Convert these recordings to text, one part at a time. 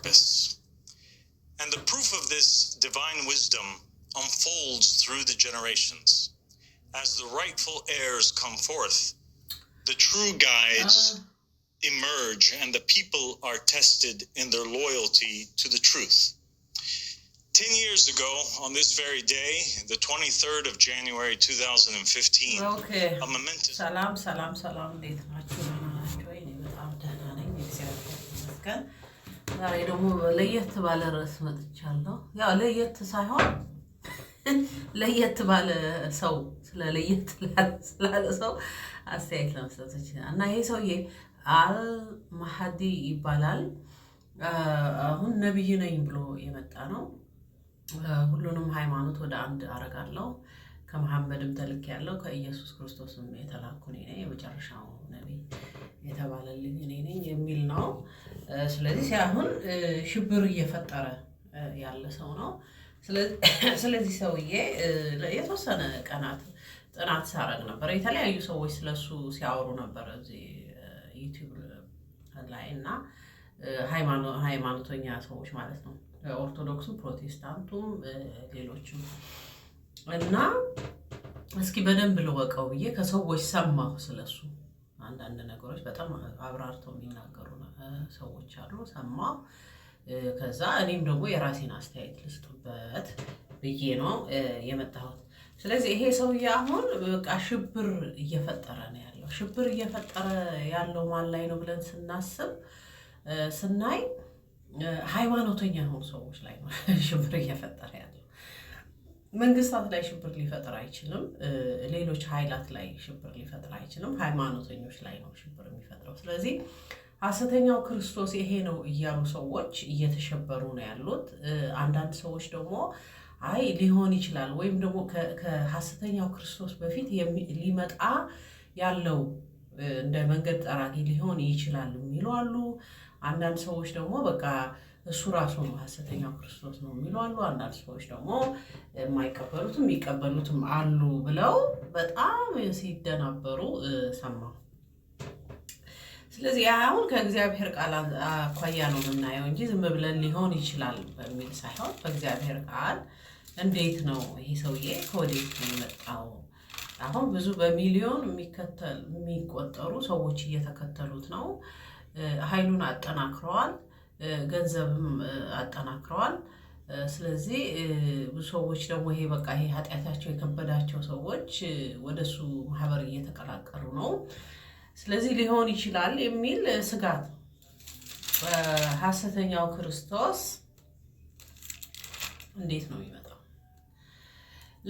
purpose. And the proof of this divine wisdom unfolds through the generations. As the rightful heirs come forth, the true guides uh. emerge and the people are tested in their loyalty to the truth. Ten years ago, on this very day, the 23rd of January 2015, okay. a momentous. Salam, salam, salam. ዛሬ ደግሞ ለየት ባለ ርዕስ መጥቻለሁ። ያው ለየት ሳይሆን ለየት ባለ ሰው ስለ ለየት ስላለ ሰው አስተያየት ለመስጠት ይችላል እና ይሄ ሰውዬ አልማሀዲ ይባላል። አሁን ነቢይ ነኝ ብሎ የመጣ ነው። ሁሉንም ሃይማኖት ወደ አንድ አረጋለሁ ከመሐመድም ተልክ ያለው ከኢየሱስ ክርስቶስም የተላኩ ነኝ፣ የመጨረሻው ነቢይ የተባለልኝ እኔ ነኝ የሚል ነው። ስለዚህ ሲያሁን ሽብር እየፈጠረ ያለ ሰው ነው። ስለዚህ ሰውዬ የተወሰነ ቀናት ጥናት ሳረግ ነበር። የተለያዩ ሰዎች ስለሱ ሲያወሩ ነበር እዚህ ዩቲዩብ ላይ እና ሃይማኖተኛ ሰዎች ማለት ነው ኦርቶዶክሱም፣ ፕሮቴስታንቱም ሌሎችም እና እስኪ በደንብ ልወቀው ብዬ ከሰዎች ሰማሁ ስለሱ አንዳንድ ነገሮች በጣም አብራርተው የሚናገሩ ሰዎች አሉ። ሰማ ከዛ እኔም ደግሞ የራሴን አስተያየት ልስጡበት ብዬ ነው የመጣሁት። ስለዚህ ይሄ ሰውዬ አሁን በቃ ሽብር እየፈጠረ ነው ያለው። ሽብር እየፈጠረ ያለው ማን ላይ ነው ብለን ስናስብ ስናይ ሃይማኖተኛ የሆኑ ሰዎች ላይ ነው ሽብር እየፈጠረ ያለው። መንግስታት ላይ ሽብር ሊፈጥር አይችልም። ሌሎች ኃይላት ላይ ሽብር ሊፈጥር አይችልም። ሃይማኖተኞች ላይ ነው ሽብር የሚፈጥረው። ስለዚህ ሐሰተኛው ክርስቶስ ይሄ ነው እያሉ ሰዎች እየተሸበሩ ነው ያሉት። አንዳንድ ሰዎች ደግሞ አይ ሊሆን ይችላል ወይም ደግሞ ከሐሰተኛው ክርስቶስ በፊት ሊመጣ ያለው እንደ መንገድ ጠራጊ ሊሆን ይችላል የሚሉ አሉ። አንዳንድ ሰዎች ደግሞ በቃ እሱ ራሱ ነው ሐሰተኛው ክርስቶስ ነው የሚሉ አሉ። አንዳንድ ሰዎች ደግሞ የማይቀበሉትም የሚቀበሉትም አሉ ብለው በጣም ሲደናበሩ ሰማሁ። ስለዚህ አሁን ከእግዚአብሔር ቃል አኳያ ነው የምናየው እንጂ ዝም ብለን ሊሆን ይችላል በሚል ሳይሆን በእግዚአብሔር ቃል እንዴት ነው ይሄ ሰውዬ ከወዴት ነው የመጣው? አሁን ብዙ በሚሊዮን የሚቆጠሩ ሰዎች እየተከተሉት ነው። ኃይሉን አጠናክረዋል። ገንዘብም አጠናክረዋል። ስለዚህ ብዙ ሰዎች ደግሞ ይሄ በቃ ይሄ ኃጢአታቸው የከበዳቸው ሰዎች ወደሱ ማህበር እየተቀላቀሉ ነው። ስለዚህ ሊሆን ይችላል የሚል ስጋት ሐሰተኛው ክርስቶስ እንዴት ነው የሚመጣው?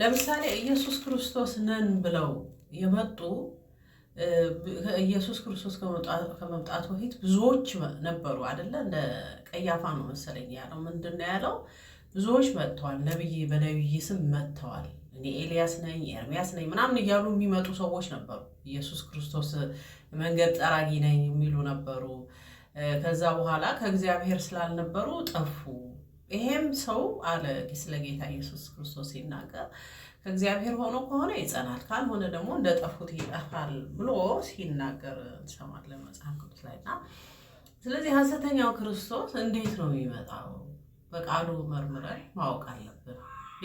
ለምሳሌ ኢየሱስ ክርስቶስ ነን ብለው የመጡ ኢየሱስ ክርስቶስ ከመምጣቱ በፊት ብዙዎች ነበሩ አደለ? እንደ ቀያፋ ነው መሰለኝ ያለው። ምንድን ነው ያለው? ብዙዎች መጥተዋል፣ ነብይ በነብይ ስም መጥተዋል፣ እኔ ኤልያስ ነኝ፣ ኤርሚያስ ነኝ ምናምን እያሉ የሚመጡ ሰዎች ነበሩ። ኢየሱስ ክርስቶስ መንገድ ጠራጊ ነኝ የሚሉ ነበሩ። ከዛ በኋላ ከእግዚአብሔር ስላልነበሩ ጠፉ። ይሄም ሰው አለ ስለ ጌታ ኢየሱስ ክርስቶስ ሲናገር ከእግዚአብሔር ሆኖ ከሆነ ይጸናል፣ ካልሆነ ደግሞ እንደጠፉት ይጠፋል ብሎ ሲናገር እንሰማለን መጽሐፍ ቅዱስ ላይ እና ስለዚህ ሐሰተኛው ክርስቶስ እንዴት ነው የሚመጣው? በቃሉ መርምረን ማወቅ አለብን።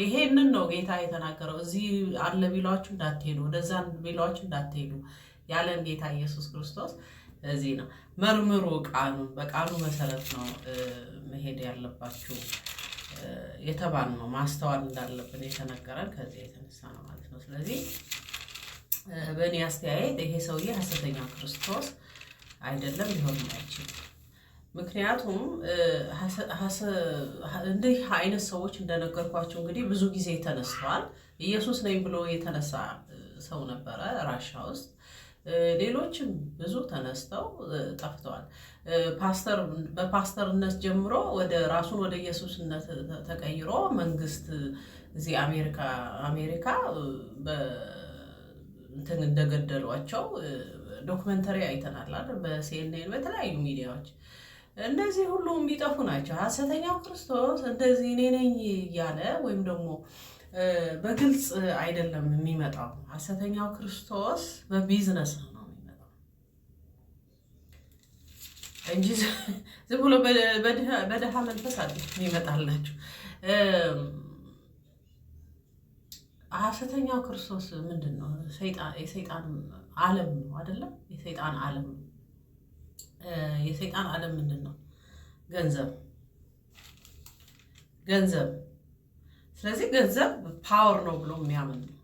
ይሄንን ነው ጌታ የተናገረው። እዚህ አለ ቢሏችሁ እንዳትሄዱ፣ ወደዛ ቢሏችሁ እንዳትሄዱ ያለን ጌታ ኢየሱስ ክርስቶስ እዚህ ነው። መርምሩ ቃሉን፣ በቃሉ መሰረት ነው መሄድ ያለባችሁ። የተባል ነው ማስተዋል እንዳለብን የተነገረን ከዚህ የተነሳ ነው ማለት ነው። ስለዚህ በእኔ አስተያየት ይሄ ሰውዬ ሐሰተኛ ክርስቶስ አይደለም፣ ሊሆን አይችልም። ምክንያቱም እንዲህ አይነት ሰዎች እንደነገርኳቸው እንግዲህ ብዙ ጊዜ ተነስተዋል። ኢየሱስ ነኝ ብሎ የተነሳ ሰው ነበረ ራሻ ውስጥ። ሌሎችም ብዙ ተነስተው ጠፍተዋል። ፓስተር በፓስተርነት ጀምሮ ወደ ራሱን ወደ ኢየሱስነት ተቀይሮ መንግስት እዚህ አሜሪካ አሜሪካ እንትን እንደገደሏቸው ዶክመንተሪ አይተናል አይደል? በሲኤንኤን በተለያዩ ሚዲያዎች እነዚህ ሁሉ የሚጠፉ ናቸው። ሐሰተኛው ክርስቶስ እንደዚህ እኔ ነኝ እያለ ወይም ደግሞ በግልጽ አይደለም የሚመጣው። ሐሰተኛው ክርስቶስ በቢዝነስ ነው እንጂ ዝም ብሎ በድሃ መንፈስ አለ ይመጣላችሁ። ሐሰተኛው ክርስቶስ ምንድን ነው? የሰይጣን ዓለም ነው አይደለም? የሰይጣን ዓለም ነው። የሰይጣን ዓለም ምንድን ነው? ገንዘብ፣ ገንዘብ። ስለዚህ ገንዘብ ፓወር ነው ብሎ የሚያምን ነው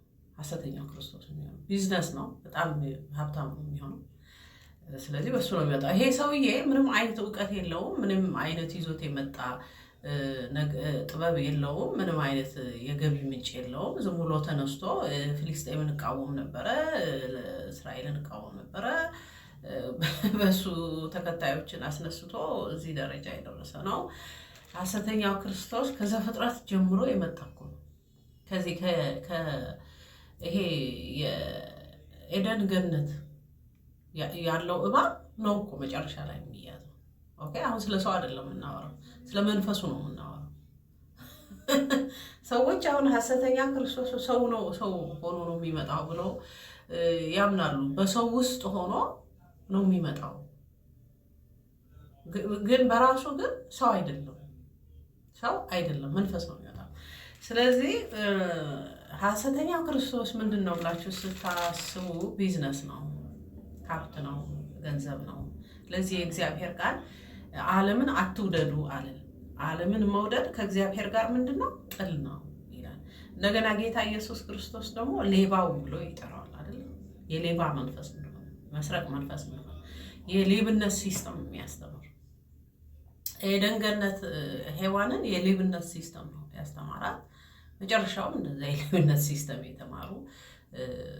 ሐሰተኛው ክርስቶስ ቢዝነስ ነው። በጣም ሀብታም የሚሆነው ስለዚህ በሱ ነው የሚመጣው። ይሄ ሰውዬ ምንም አይነት እውቀት የለውም፣ ምንም አይነት ይዞት የመጣ ጥበብ የለውም፣ ምንም አይነት የገቢ ምንጭ የለውም። ዝም ብሎ ተነስቶ ፊሊስጤምን እቃወም ነበረ፣ እስራኤልን እቃወም ነበረ። በሱ ተከታዮችን አስነስቶ እዚህ ደረጃ የደረሰ ነው። ሐሰተኛው ክርስቶስ ከዘፍጥረት ጀምሮ የመጣ እኮ ነው። ከዚህ ይሄ የኤደን ገነት ያለው እባብ ነው እኮ መጨረሻ ላይ የሚያዘው። ኦኬ አሁን ስለ ሰው አይደለም የምናወራው፣ ስለ መንፈሱ ነው የምናወራው። ሰዎች አሁን ሐሰተኛ ክርስቶስ ሰው ነው ሰው ሆኖ ነው የሚመጣው ብለው ያምናሉ። በሰው ውስጥ ሆኖ ነው የሚመጣው፣ ግን በራሱ ግን ሰው አይደለም፣ ሰው አይደለም፣ መንፈስ ነው የሚመጣው። ስለዚህ ሐሰተኛ ክርስቶስ ምንድን ነው ብላችሁ ስታስቡ ቢዝነስ ነው ሀብት ነው፣ ገንዘብ ነው። ስለዚህ የእግዚአብሔር ቃል ዓለምን አትውደዱ አለ። ዓለምን መውደድ ከእግዚአብሔር ጋር ምንድን ነው? ጥል ነው ይላል። እንደገና ጌታ ኢየሱስ ክርስቶስ ደግሞ ሌባው ብሎ ይጠራዋል አይደለ? የሌባ መንፈስ እንደሆነ መስረቅ መንፈስ እንደሆነ የሌብነት ሲስተም የሚያስተምር ኤደን ገነት ሔዋንን የሌብነት ሲስተም ነው ያስተማራት። መጨረሻውም እንደዛ የሌብነት ሲስተም የተማሩ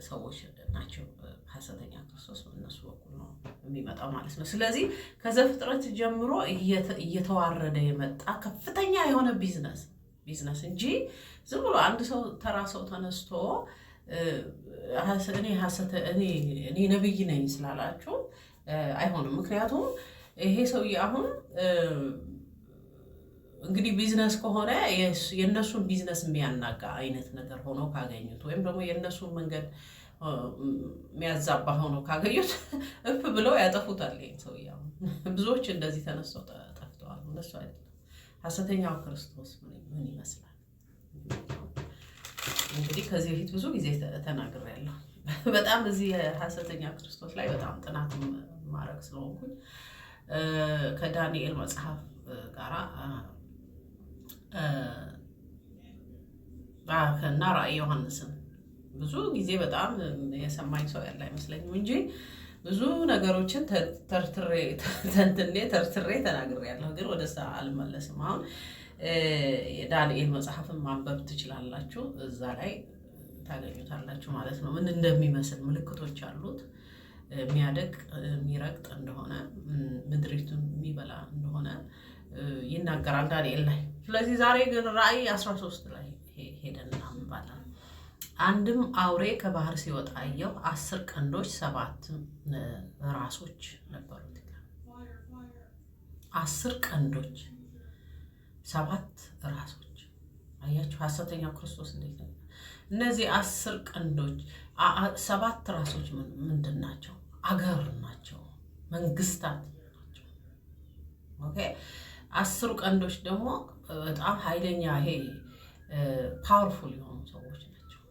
ሰዎች ናቸው። ሐሰተኛ ክርስቶስ እነሱ በኩል ነው የሚመጣው ማለት ነው። ስለዚህ ከዘፍጥረት ጀምሮ እየተዋረደ የመጣ ከፍተኛ የሆነ ቢዝነስ ቢዝነስ እንጂ ዝም ብሎ አንድ ሰው ተራ ሰው ተነስቶ እኔ ነብይ ነኝ ስላላችሁ አይሆንም። ምክንያቱም ይሄ ሰውዬ አሁን እንግዲህ ቢዝነስ ከሆነ የእነሱን ቢዝነስ የሚያናጋ አይነት ነገር ሆኖ ካገኙት ወይም ደግሞ የእነሱን መንገድ የሚያዛባ ሆኖ ካገኙት እፍ ብለው ያጠፉታል። ይሄን ሰውዬ ብዙዎች እንደዚህ ተነስተው ጠፍተዋል። እነሱ አይደለም ሐሰተኛው ክርስቶስ ምን ይመስላል? እንግዲህ ከዚህ በፊት ብዙ ጊዜ ተናግሬያለሁ። በጣም እዚህ የሐሰተኛ ክርስቶስ ላይ በጣም ጥናት ማድረግ ስለሆንኩኝ ከዳንኤል መጽሐፍ ጋራ እና ራእይ ዮሐንስን ብዙ ጊዜ በጣም የሰማኝ ሰው ያለ አይመስለኝም እንጂ ብዙ ነገሮችን ተርትሬ ተንትኔ ተርትሬ ተናግሬያለሁ፣ ግን ወደ እዛ አልመለስም። አሁን የዳንኤል መጽሐፍን ማንበብ ትችላላችሁ፣ እዛ ላይ ታገኙታላችሁ ማለት ነው። ምን እንደሚመስል ምልክቶች አሉት የሚያደቅ የሚረግጥ እንደሆነ ምድሪቱን የሚበላ እንደሆነ ይናገራል ዳንኤል ላይ። ስለዚህ ዛሬ ግን ራእይ 13 ላይ ሄደን እናንባለን። አንድም አውሬ ከባህር ሲወጣ አየሁ። አስር ቀንዶች ሰባት ራሶች ነበሩት። አስር ቀንዶች ሰባት ራሶች አያችሁ። ሐሰተኛው ክርስቶስ እንዴት ነው? እነዚህ አስር ቀንዶች ሰባት ራሶች ምንድን ናቸው? አገር ናቸው፣ መንግስታት ናቸው። ኦኬ አስሩ ቀንዶች ደግሞ በጣም ኃይለኛ ይሄ ፓወርፉል የሆኑ ሰዎች ናቸው።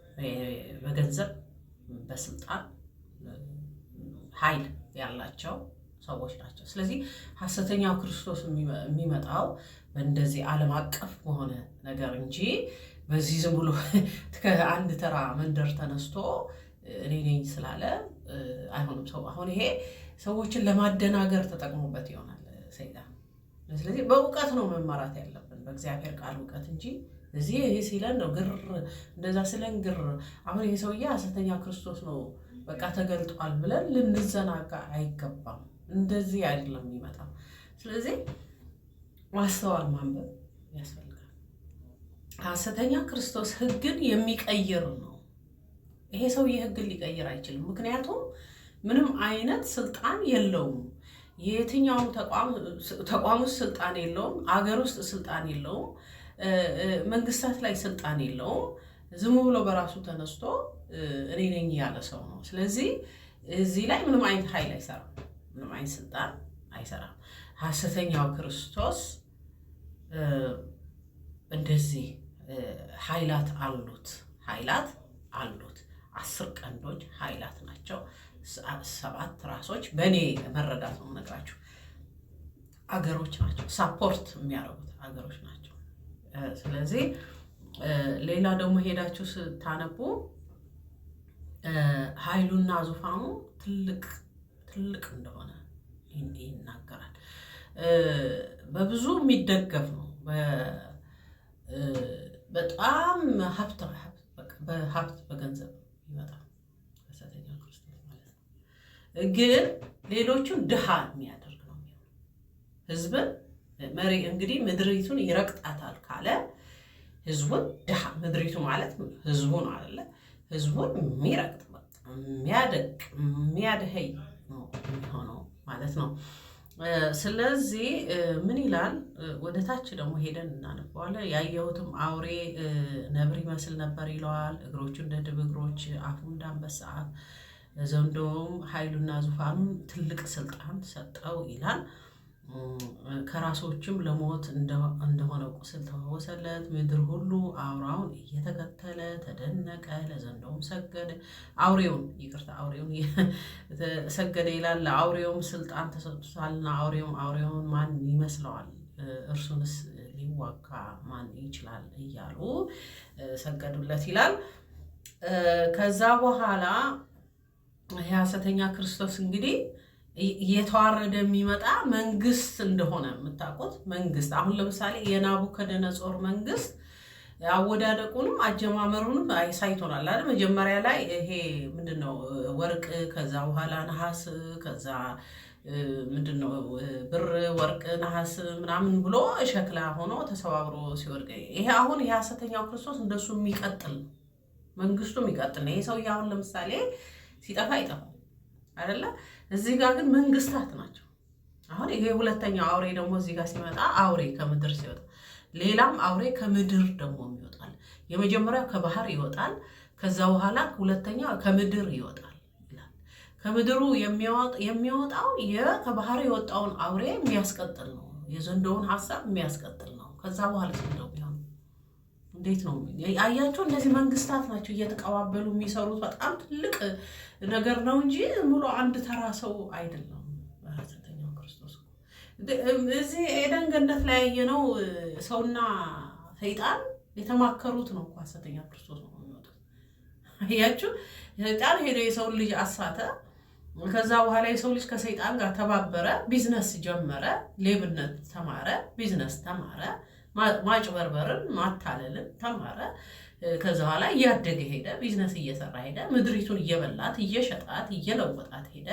በገንዘብ በስልጣን ኃይል ያላቸው ሰዎች ናቸው። ስለዚህ ሐሰተኛው ክርስቶስ የሚመጣው በእንደዚህ ዓለም አቀፍ በሆነ ነገር እንጂ በዚህ ዝም ብሎ ከአንድ ተራ መንደር ተነስቶ እኔ ነኝ ስላለ አይሆንም። ሰው አሁን ይሄ ሰዎችን ለማደናገር ተጠቅሞበት ይሆናል ሰይጣን ስለዚህ በእውቀት ነው መማራት ያለብን በእግዚአብሔር ቃል እውቀት እንጂ እዚህ ይህ ሲለን ነው ግር እንደዛ ስለን ግር አሁን ይህ ሰውዬ ሐሰተኛ ክርስቶስ ነው በቃ ተገልጧል ብለን ልንዘናጋ አይገባም። እንደዚህ አይደለም የሚመጣ። ስለዚህ ማስተዋል ማንበብ ያስፈልጋል። ሐሰተኛ ክርስቶስ ህግን የሚቀይር ነው። ይሄ ሰውዬ ህግን ሊቀይር አይችልም፣ ምክንያቱም ምንም አይነት ስልጣን የለውም። የትኛውም ተቋም ውስጥ ስልጣን የለውም። አገር ውስጥ ስልጣን የለውም። መንግስታት ላይ ስልጣን የለውም። ዝም ብሎ በራሱ ተነስቶ እኔ ነኝ ያለ ሰው ነው። ስለዚህ እዚህ ላይ ምንም አይነት ኃይል አይሰራም፣ ምንም አይነት ስልጣን አይሰራም። ሐሰተኛው ክርስቶስ እንደዚህ ኃይላት አሉት፣ ኃይላት አሉት። አስር ቀንዶች ኃይላት ናቸው። ሰባት ራሶች በእኔ መረዳት ነው የምነግራችሁ አገሮች ናቸው ሳፖርት የሚያደርጉት አገሮች ናቸው። ስለዚህ ሌላ ደግሞ ሄዳችሁ ስታነቡ ኃይሉና ዙፋኑ ትልቅ ትልቅ እንደሆነ ይናገራል። በብዙ የሚደገፍ ነው። በጣም ሀብት በሀብት በገንዘብ ግን ሌሎቹን ድሃ የሚያደርግ ነው የሚሆነው። ህዝብን መሪ እንግዲህ ምድሪቱን ይረቅጣታል ካለ ህዝቡን ድሃ ምድሪቱ ማለት ህዝቡን አለ ህዝቡን የሚረቅጥ የሚያደቅ የሚያድሀይ ነው የሚሆነው ማለት ነው። ስለዚህ ምን ይላል? ወደ ታች ደግሞ ሄደን እናነበዋለን። ያየሁትም አውሬ ነብር ይመስል ነበር ይለዋል። እግሮቹ እንደ ድብ እግሮች፣ አፉ እንዳንበሳ አፍ ዘንዶውም ኃይሉና ዙፋኑን ትልቅ ስልጣን ሰጠው ይላል። ከራሶችም ለሞት እንደሆነ ቁስል ተፈወሰለት። ምድር ሁሉ አውራውን እየተከተለ ተደነቀ፣ ለዘንዶውም ሰገደ። አውሬውን ይቅርታ፣ አውሬውን ሰገደ ይላል። ለአውሬውም ስልጣን ተሰጥቷልና አውሬውም አውሬውን ማን ይመስለዋል? እርሱንስ ሊዋጋ ማን ይችላል? እያሉ ሰገዱለት ይላል። ከዛ በኋላ የሐሰተኛ ክርስቶስ እንግዲህ የተዋረደ የሚመጣ መንግስት እንደሆነ የምታውቁት መንግስት አሁን ለምሳሌ የናቡከደነጾር መንግስት አወዳደቁንም አጀማመሩንም አይሳይቶናል አይደል? መጀመሪያ ላይ ይሄ ምንድነው ወርቅ፣ ከዛ በኋላ ነሐስ፣ ከዛ ምንድነው ብር፣ ወርቅ፣ ነሐስ ምናምን ብሎ ሸክላ ሆኖ ተሰባብሮ ሲወርቅ፣ ይሄ አሁን የሐሰተኛው ክርስቶስ እንደሱ የሚቀጥል መንግስቱ የሚቀጥል ነው። ይሄ ሰውዬ አሁን ለምሳሌ ሲጠፋ ይጠፋ አይደለ? እዚህ ጋር ግን መንግስታት ናቸው። አሁን ይሄ ሁለተኛው አውሬ ደግሞ እዚህ ጋር ሲመጣ አውሬ ከምድር ሲወጣ ሌላም አውሬ ከምድር ደግሞ ይወጣል። የመጀመሪያው ከባህር ይወጣል። ከዛ በኋላ ሁለተኛው ከምድር ይወጣል ይላል። ከምድሩ የሚወጣው ከባህር የወጣውን አውሬ የሚያስቀጥል ነው። የዘንዶውን ሀሳብ የሚያስቀጥል ነው። ከዛ በኋላ እንዴት ነው አያቸው? እነዚህ መንግስታት ናቸው እየተቀባበሉ የሚሰሩት። በጣም ትልቅ ነገር ነው እንጂ ሙሉ አንድ ተራ ሰው አይደለም። ሐሰተኛው ክርስቶስ እዚህ ኤደን ገነት ላይ ያየነው ሰውና ሰይጣን የተማከሩት ነው እኮ ሐሰተኛ ክርስቶስ ነው የሚወጡት። አያችሁ፣ ሰይጣን ሄደ የሰውን ልጅ አሳተ። ከዛ በኋላ የሰው ልጅ ከሰይጣን ጋር ተባበረ፣ ቢዝነስ ጀመረ፣ ሌብነት ተማረ፣ ቢዝነስ ተማረ ማጭበርበርን፣ ማታለልን ተማረ። ከዚ በኋላ እያደገ ሄደ። ቢዝነስ እየሰራ ሄደ። ምድሪቱን እየበላት እየሸጣት እየለወጣት ሄደ።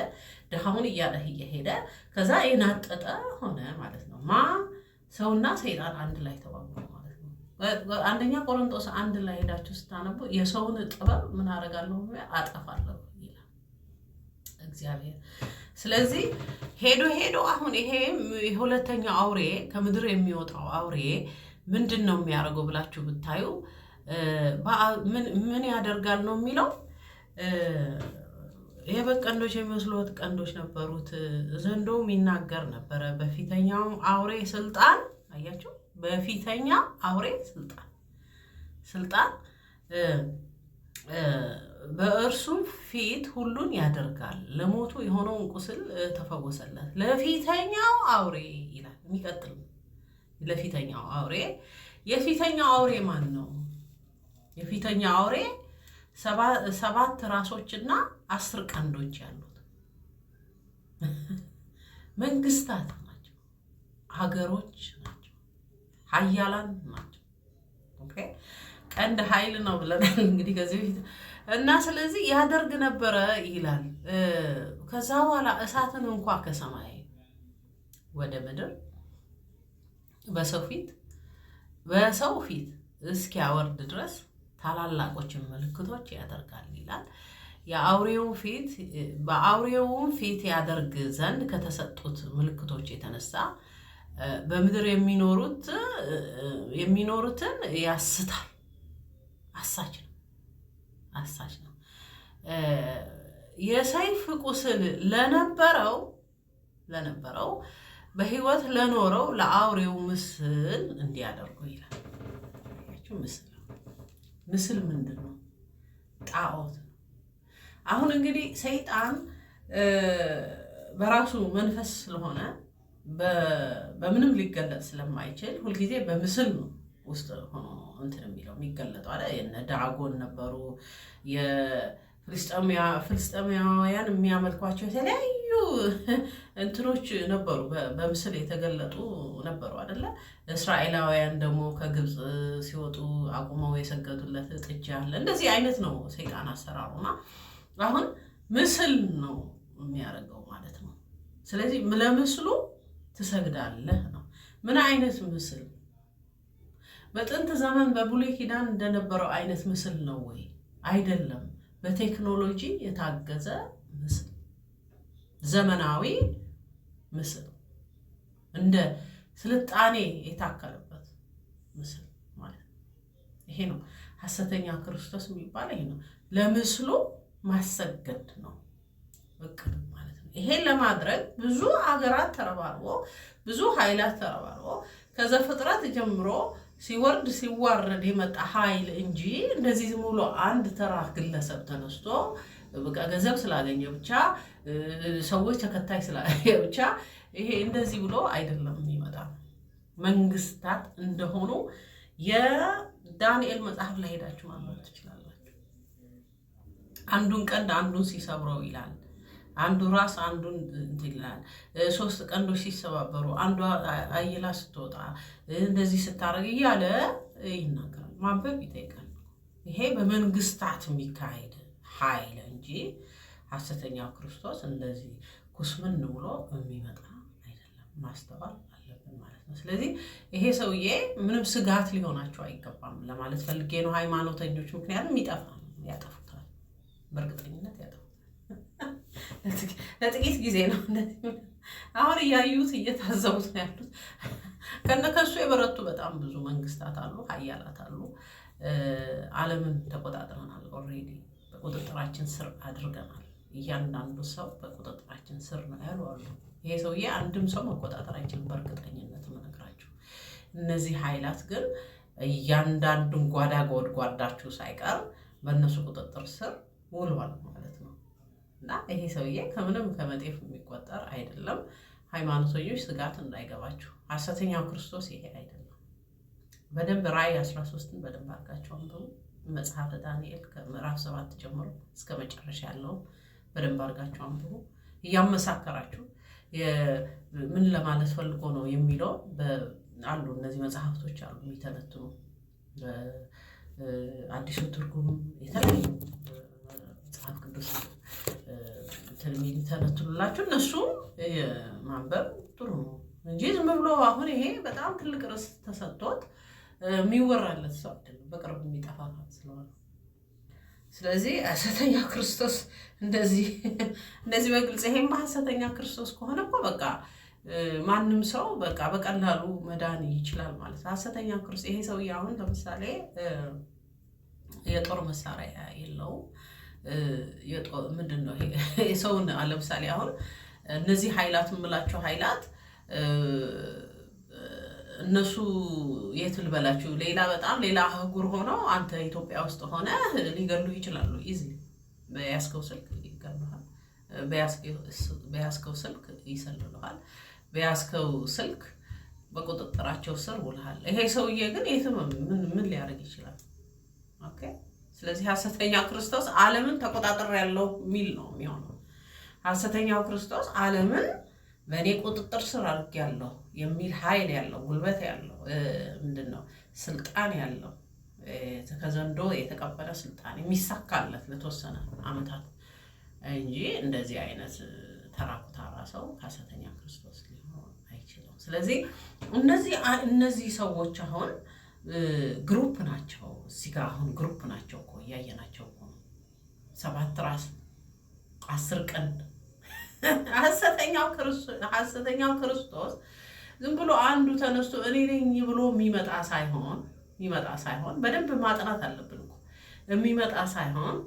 ድሃውን እያለ እየሄደ ከዛ የናጠጠ ሆነ ማለት ነው። ማ ሰውና ሰይጣን አንድ ላይ ተባብሮ ማለት ነው። አንደኛ ቆሮንጦስ አንድ ላይ ሄዳችሁ ስታነቡ የሰውን ጥበብ ምን አደርጋለሁ አጠፋለሁ ይላል እግዚአብሔር። ስለዚህ ሄዶ ሄዶ አሁን ይሄ የሁለተኛው አውሬ ከምድር የሚወጣው አውሬ ምንድን ነው የሚያደርገው ብላችሁ ብታዩ ምን ያደርጋል ነው የሚለው። የበግ ቀንዶች የሚመስሉት ቀንዶች ነበሩት። ዘንዶም ይናገር ነበረ በፊተኛው አውሬ ስልጣን። አያችሁ፣ በፊተኛ አውሬ ስልጣን ስልጣን በእርሱም ፊት ሁሉን ያደርጋል። ለሞቱ የሆነውን ቁስል ተፈወሰለት። ለፊተኛው አውሬ ይላል። የሚቀጥል ለፊተኛው አውሬ የፊተኛው አውሬ ማን ነው? የፊተኛው አውሬ ሰባት ራሶችና አስር ቀንዶች ያሉት መንግስታት ናቸው፣ ሀገሮች ናቸው፣ ሀያላን ናቸው። ቀንድ ኃይል ነው ብለናል እንግዲህ ከዚህ በፊት እና ስለዚህ ያደርግ ነበረ ይላል። ከዛ በኋላ እሳትን እንኳ ከሰማይ ወደ ምድር በሰው ፊት በሰው ፊት እስኪያወርድ ድረስ ታላላቆችን ምልክቶች ያደርጋል ይላል። የአውሬው ፊት በአውሬውም ፊት ያደርግ ዘንድ ከተሰጡት ምልክቶች የተነሳ በምድር የሚኖሩት የሚኖሩትን ያስታል አሳች አሳች ነው። የሰይፍ ቁስል ለነበረው ለነበረው በህይወት ለኖረው ለአውሬው ምስል እንዲያደርጉ ይላል። ምስል ምስል ምንድን ነው? ጣዖት ነው። አሁን እንግዲህ ሰይጣን በራሱ መንፈስ ስለሆነ በምንም ሊገለጽ ስለማይችል ሁልጊዜ በምስል ነው ውስጥ ሆኖ እንትን የሚለው የሚገለጠው አለ። የነ ዳጎን ነበሩ ፍልስጠማውያን የሚያመልኳቸው የተለያዩ እንትኖች ነበሩ፣ በምስል የተገለጡ ነበሩ አደለ። እስራኤላውያን ደግሞ ከግብፅ ሲወጡ አቁመው የሰገዱለት ጥጃ አለ። እንደዚህ አይነት ነው ሰይጣን አሰራሩና አሁን ምስል ነው የሚያደርገው ማለት ነው። ስለዚህ ለምስሉ ትሰግዳለህ ነው። ምን አይነት ምስል በጥንት ዘመን በብሉይ ኪዳን እንደነበረው አይነት ምስል ነው ወይ? አይደለም። በቴክኖሎጂ የታገዘ ምስል፣ ዘመናዊ ምስል፣ እንደ ስልጣኔ የታከለበት ምስል ማለት ነው። ይሄ ነው ሐሰተኛ ክርስቶስ የሚባለው ይሄ ነው። ለምስሉ ማሰገድ ነው እቅድ ማለት ነው። ይሄን ለማድረግ ብዙ አገራት ተረባርቦ፣ ብዙ ኃይላት ተረባርቦ ከዘፍጥረት ጀምሮ ሲወርድ ሲዋረድ የመጣ ኃይል እንጂ እንደዚህ ዝም ብሎ አንድ ተራ ግለሰብ ተነስቶ በቃ ገንዘብ ስላገኘ ብቻ ሰዎች ተከታይ ስላገኘ ብቻ ይሄ እንደዚህ ብሎ አይደለም የሚመጣ። መንግስታት እንደሆኑ የዳንኤል መጽሐፍ ላይ ሄዳችሁ ማንበብ ትችላላችሁ። አንዱን ቀንድ አንዱን ሲሰብረው ይላል። አንዱ ራስ አንዱን እንትን ይላል። ሶስት ቀንዶች ሲሰባበሩ አንዷ አይላ ስትወጣ እንደዚህ ስታደርግ እያለ ይናገራል። ማንበብ ይጠይቃል። ይሄ በመንግስታት የሚካሄድ ኃይል እንጂ ሐሰተኛው ክርስቶስ እንደዚህ ኩስምን ብሎ የሚመጣ አይደለም። ማስተዋል አለብን ማለት ነው። ስለዚህ ይሄ ሰውዬ ምንም ስጋት ሊሆናቸው አይገባም ለማለት ፈልጌ ነው። ሃይማኖተኞች ምክንያቱም ይጠፋ ያጠፉታል፣ በእርግጠኝነት ያጠፉታል። ለጥቂት ጊዜ ነው። አሁን እያዩት እየታዘቡት ነው ያሉት። ከነ ከሱ የበረቱ በጣም ብዙ መንግስታት አሉ፣ ሀያላት አሉ። ዓለምን ተቆጣጥረናል። ኦልሬዲ በቁጥጥራችን ስር አድርገናል። እያንዳንዱ ሰው በቁጥጥራችን ስር ነው ያሉ አሉ። ይሄ ሰውዬ አንድም ሰው መቆጣጠራችን በእርግጠኝነት የምነግራችሁ። እነዚህ ሀይላት ግን እያንዳንዱን ጓዳ ጎድጓዳችሁ ሳይቀር በእነሱ ቁጥጥር ስር ውሏል ማለት ነው። እና ይሄ ሰውዬ ከምንም ከመጤፍ የሚቆጠር አይደለም። ሃይማኖተኞች ስጋት እንዳይገባችሁ፣ ሐሰተኛ ክርስቶስ ይሄ አይደለም። በደንብ ራእይ 13ን በደንብ አድርጋችሁ አንብቡ። መጽሐፈ ዳንኤል ከምዕራፍ ሰባት ጀምሮ እስከ መጨረሻ ያለውን በደንብ አድርጋችሁ አንብቡ። እያመሳከራችሁ ምን ለማለት ፈልጎ ነው የሚለው አሉ። እነዚህ መጽሐፍቶች አሉ የሚተነትኑ አዲሱ ትርጉም የተለያዩ መጽሐፍ ቅዱስ እንትን የሚተነትኑላችሁ እነሱ ማንበብ ጥሩ ነው እንጂ ዝም ብሎ አሁን ይሄ በጣም ትልቅ ርዕስ ተሰጥቶት የሚወራለት ሰው አይደለም፣ በቅርብ የሚጠፋ ስለሆነ። ስለዚህ ሐሰተኛ ክርስቶስ እንደዚህ እንደዚህ በግልጽ ይሄማ ሐሰተኛ ክርስቶስ ከሆነ እኮ በቃ ማንም ሰው በቃ በቀላሉ መዳን ይችላል ማለት ነው። ሐሰተኛ ክርስቶስ ይሄ ሰውዬ አሁን ለምሳሌ የጦር መሳሪያ የለውም ምንድን ነው የሰውን ለምሳሌ አሁን እነዚህ ኃይላት የምላቸው ኃይላት እነሱ የት ልበላችሁ፣ ሌላ በጣም ሌላ አህጉር ሆነው አንተ ኢትዮጵያ ውስጥ ሆነ ሊገሉ ይችላሉ። ኢዝሊ በያስከው ስልክ ይገሉሃል። በያስከው ስልክ ይሰልልሃል። በያስከው ስልክ በቁጥጥራቸው ስር ውልሃል። ይሄ ሰውዬ ግን የትም ምን ሊያደርግ ይችላል? ኦኬ ስለዚህ ሐሰተኛ ክርስቶስ ዓለምን ተቆጣጠር ያለው የሚል ነው የሚሆነው። ሐሰተኛው ክርስቶስ ዓለምን በእኔ ቁጥጥር ስር አድርግ ያለው የሚል ኃይል ያለው ጉልበት ያለው ምንድን ነው ስልጣን ያለው ከዘንዶ የተቀበለ ስልጣን የሚሳካለት ለተወሰነ ዓመታት እንጂ እንደዚህ አይነት ተራኩታራ ሰው ሐሰተኛ ክርስቶስ ሊሆን አይችልም። ስለዚህ እነዚህ እነዚህ ሰዎች አሁን ግሩፕ ናቸው እዚህ ጋር አሁን ግሩፕ ናቸው እኮ እያየናቸው እኮ ነው። ሰባት ራስ አስር ቀን ሐሰተኛው ክርስቶስ ዝም ብሎ አንዱ ተነስቶ እኔ ነኝ ብሎ የሚመጣ ሳይሆን የሚመጣ ሳይሆን በደንብ ማጥናት አለብን እኮ የሚመጣ ሳይሆን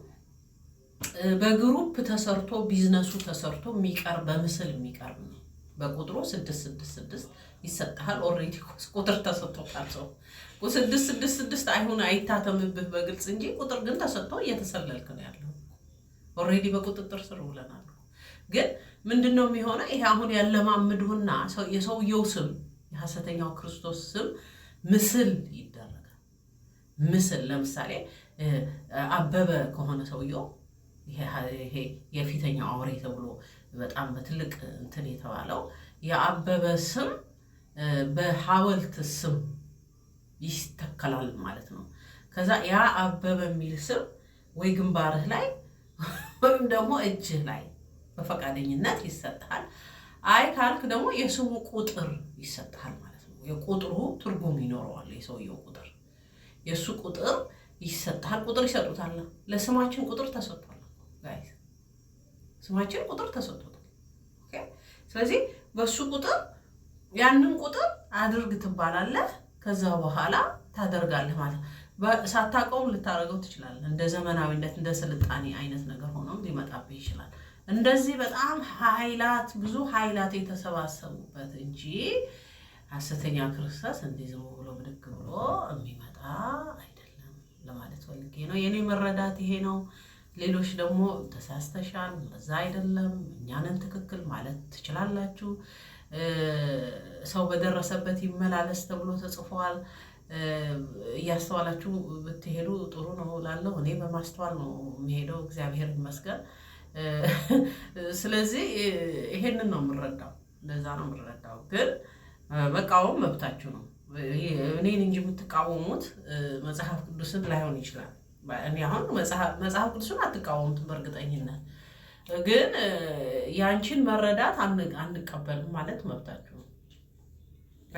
በግሩፕ ተሰርቶ ቢዝነሱ ተሰርቶ የሚቀርብ በምስል የሚቀርብ ነው። በቁጥሩ ስድስት ስድስት ስድስት ይሰጥሃል። ኦልሬዲ ቁጥር ተሰጥቶታል ሰው ስድስት ስድስት ስድስት አይሆን አይታተምብህ በግልጽ እንጂ ቁጥር ግን ተሰጥቶ እየተሰለልክ ነው ያለው። ኦልሬዲ በቁጥጥር ስር ውለናል። ግን ምንድን ነው የሚሆነው? ይሄ አሁን ያለማምድሁና የሰውየው ስም የሐሰተኛው ክርስቶስ ስም ምስል ይደረጋል። ምስል ለምሳሌ አበበ ከሆነ ሰውየው ይሄ የፊተኛው አውሬ ተብሎ በጣም በትልቅ እንትን የተባለው የአበበ ስም በሐውልት ስም ይስተከላል ማለት ነው። ከዛ ያ አበበ የሚል ስም ወይ ግንባርህ ላይ ወይም ደግሞ እጅህ ላይ በፈቃደኝነት ይሰጥሃል። አይ ካልክ ደግሞ የስሙ ቁጥር ይሰጥሃል ማለት ነው። የቁጥሩ ትርጉም ይኖረዋል። የሰውየው ቁጥር የእሱ ቁጥር ይሰጥሃል። ቁጥር ይሰጡታል። ለስማችን ቁጥር ተሰጥቷል። ስማችን ቁጥር ተሰጥቶታል። ስለዚህ በእሱ ቁጥር ያንን ቁጥር አድርግ ትባላለህ። ከዛ በኋላ ታደርጋለህ ማለት ሳታውቀውም ልታደርገው ትችላለህ። እንደ ዘመናዊነት እንደ ስልጣኔ አይነት ነገር ሆኖም ሊመጣብህ ይችላል። እንደዚህ በጣም ኃይላት ብዙ ኃይላት የተሰባሰቡበት እንጂ ሐሰተኛ ክርስቶስ እንዲህ ዝም ብሎ ብድግ ብሎ የሚመጣ አይደለም ለማለት ፈልጌ ነው። የኔ መረዳት ይሄ ነው። ሌሎች ደግሞ ተሳስተሻል፣ እዛ አይደለም፣ እኛንን ትክክል ማለት ትችላላችሁ። ሰው በደረሰበት ይመላለስ ተብሎ ተጽፏል። እያስተዋላችሁ ብትሄዱ ጥሩ ነው ላለው እኔ በማስተዋል ነው የሚሄደው፣ እግዚአብሔር ይመስገን። ስለዚህ ይሄንን ነው የምረዳው፣ እንደዛ ነው የምረዳው። ግን መቃወም መብታችሁ ነው። እኔን እንጂ የምትቃወሙት መጽሐፍ ቅዱስን ላይሆን ይችላል። እኔ አሁን መጽሐፍ ቅዱስን አትቃወሙትም በእርግጠኝነት ግን ያንቺን መረዳት አንቀበልም ማለት መብታችሁ ነው።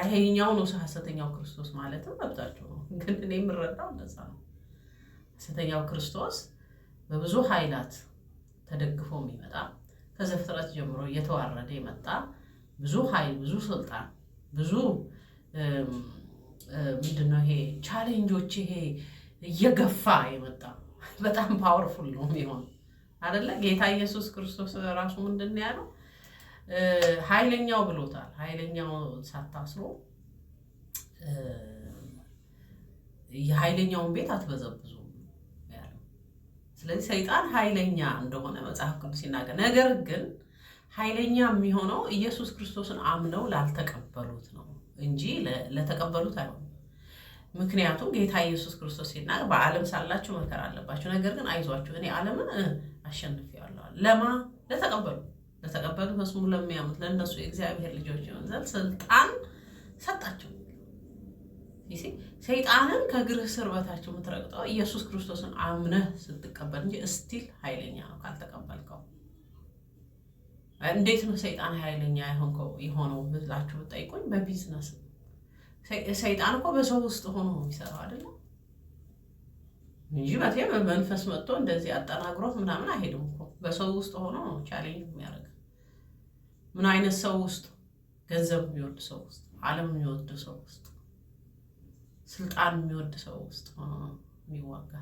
ይሄኛው ነው ሐሰተኛው ክርስቶስ ማለትም መብታችሁ ነው። ግን እኔ የምረዳው እንደዛ ነው። ሐሰተኛው ክርስቶስ በብዙ ኃይላት ተደግፎ የሚመጣ ከዘፍጥረት ጀምሮ እየተዋረደ የመጣ ብዙ ኃይል፣ ብዙ ስልጣን፣ ብዙ ምንድነው ይሄ ቻሌንጆች ይሄ እየገፋ የመጣ በጣም ፓወርፉል ነው የሚሆን አይደለ? ጌታ ኢየሱስ ክርስቶስ ራሱ ምንድን ያለው ኃይለኛው ብሎታል። ኃይለኛው ሳታስሮ የኃይለኛውን ቤት አትበዘብዙ። ስለዚህ ሰይጣን ኃይለኛ እንደሆነ መጽሐፍ ቅዱስ ሲናገር፣ ነገር ግን ኃይለኛ የሚሆነው ኢየሱስ ክርስቶስን አምነው ላልተቀበሉት ነው እንጂ ለተቀበሉት አይሆንም። ምክንያቱም ጌታ ኢየሱስ ክርስቶስ ሲናገር በዓለም ሳላችሁ መከራ አለባችሁ፣ ነገር ግን አይዟችሁ እኔ ዓለምን አሸንፌዋለሁ። ለማ ለተቀበሉ ለተቀበሉ በስሙ ለሚያሙት ለእነሱ የእግዚአብሔር ልጆች ይሆን ዘንድ ስልጣን ሰጣቸው። ሰይጣንን ከእግርህ ስር በታች የምትረግጠው ኢየሱስ ክርስቶስን አምነህ ስትቀበል እንጂ እስቲል ኃይለኛ ነው ካልተቀበልከው። እንዴት ነው ሰይጣን ኃይለኛ የሆነው ብላችሁ ብጠይቁኝ፣ በቢዝነስ ሰይጣን እኮ በሰው ውስጥ ሆኖ የሚሰራው አይደለም እንጂ መቼም መንፈስ መጥቶ እንደዚህ አጠናግሮት ምናምን አይሄድም እኮ በሰው ውስጥ ሆኖ ቻሌንጅ የሚያደርግ ምን አይነት ሰው ውስጥ ገንዘብ የሚወድ ሰው ውስጥ አለም የሚወድ ሰው ውስጥ ስልጣን የሚወድ ሰው ውስጥ ሆኖ የሚዋጋ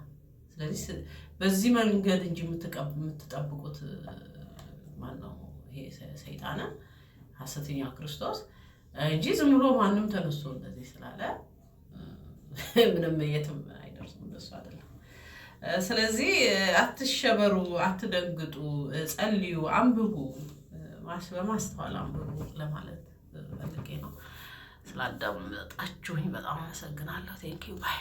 ስለዚህ በዚህ መንገድ እንጂ የምትጠብቁት ማነው ይሄ ሰይጣን ሐሰተኛው ክርስቶስ እንጂ ዝም ብሎ ማንም ተነስቶ እንደዚህ ስላለ ምንም የትም አይደርስም። እንደሱ አይደለም። ስለዚህ አትሸበሩ፣ አትደንግጡ፣ ጸልዩ፣ አንብቡ፣ በማስተዋል አንብቡ ለማለት ፈልጌ ነው። ስላዳመጣችሁኝ በጣም አመሰግናለሁ። ቴንኪው ባይ